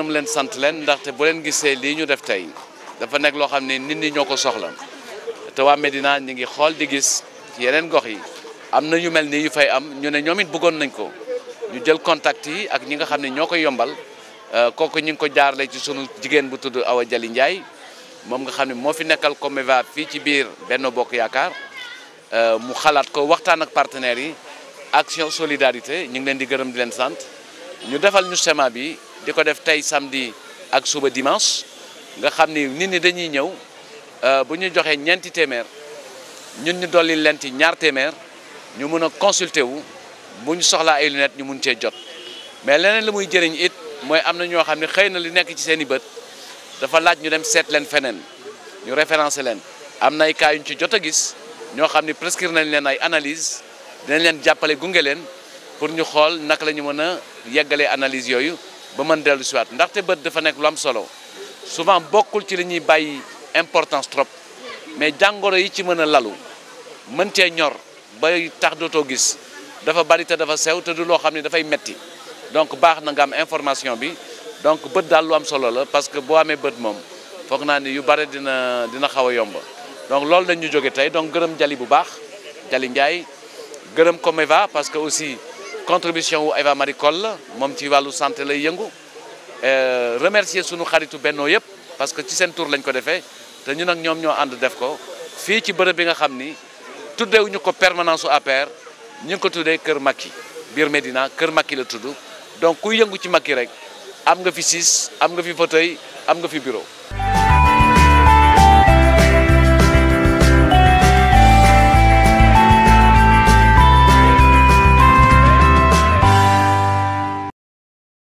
gërëm leen sant leen ndaxte bu leen gisee lii ñu def tey dafa nekk loo xam ne nit ñi ñoo ko soxla te waa Médina ñu ngi xool di gis yeneen gox yi am na ñu mel nii yu fay am ñu ne ñoom it bëggoon nañ ko ñu jël contact yi ak ñi nga xam ne ñoo koy yombal euh, kooku ñu ngi ko jaarale ci sunu jigéen bu tudd Awa Jali Ndiaye moom nga xam ne moo fi nekkal Comeva fii ci biir benn Bokk Yaakaar euh, mu xalaat ko waxtaan ak partenaires yi action solidarité ñu ngi leen di gërëm di leen sant ñu defal di ko def tey samedi ak suba dimanche nga xam ni nit ñi dañuy ñëw euh, bu ñu joxee ñeenti téeméer ñun ñu dolli leen ñaar téeméer ñu mun a consulter wu bu ñu soxlaa ay lunettes ñu mun cee jot mais leneen li muy jëriñ it mooy am na ñoo xam ne xëy na li nekk ci seen i bët dafa laaj ñu dem seet leen feneen ñu référencé leen am na ay cas yu ci jot a gis ñoo xam ne prescrire nañ leen ay analyse dinañ leen jàppale gunge leen pour ñu xool naka lañu ñu mën a yeggalee analyse yooyu ba mën dellu siwaat ndaxte bët dafa nekk lu am solo souvent bokkul ci li ñuy bàyyi importance trop mais jàngoro yi ci mën a lalu mën cee ñor ba tax dootoo gis dafa bari te dafa sew te du loo xam ne dafay metti donc baax na nga am information bi donc bët daal lu am solo la parce que boo amee bët moom foog naa ni yu bare dina dina xaw a yomb donc loolu lañ ñu jóge tey donc gërëm Jali bu baax Jali Ndiaye gërëm va parce que aussi contribution wu Awa Marie Coll la moom ci wàllu santé lay yëngu euh, remercier sunu xaritu bennoo yëpp parce que ci seen tour lañ ko defee te ñu nag ñoom ñoo ànd def ko fii ci bërëb bi nga xam ni ñu ko permanence su APR ñu ngi ko tuddee Kër Macky biir Médina Kër makki la tudd donc kuy yëngu ci Macky rek am nga fi siis am nga fi fauteuil am nga fi bureau.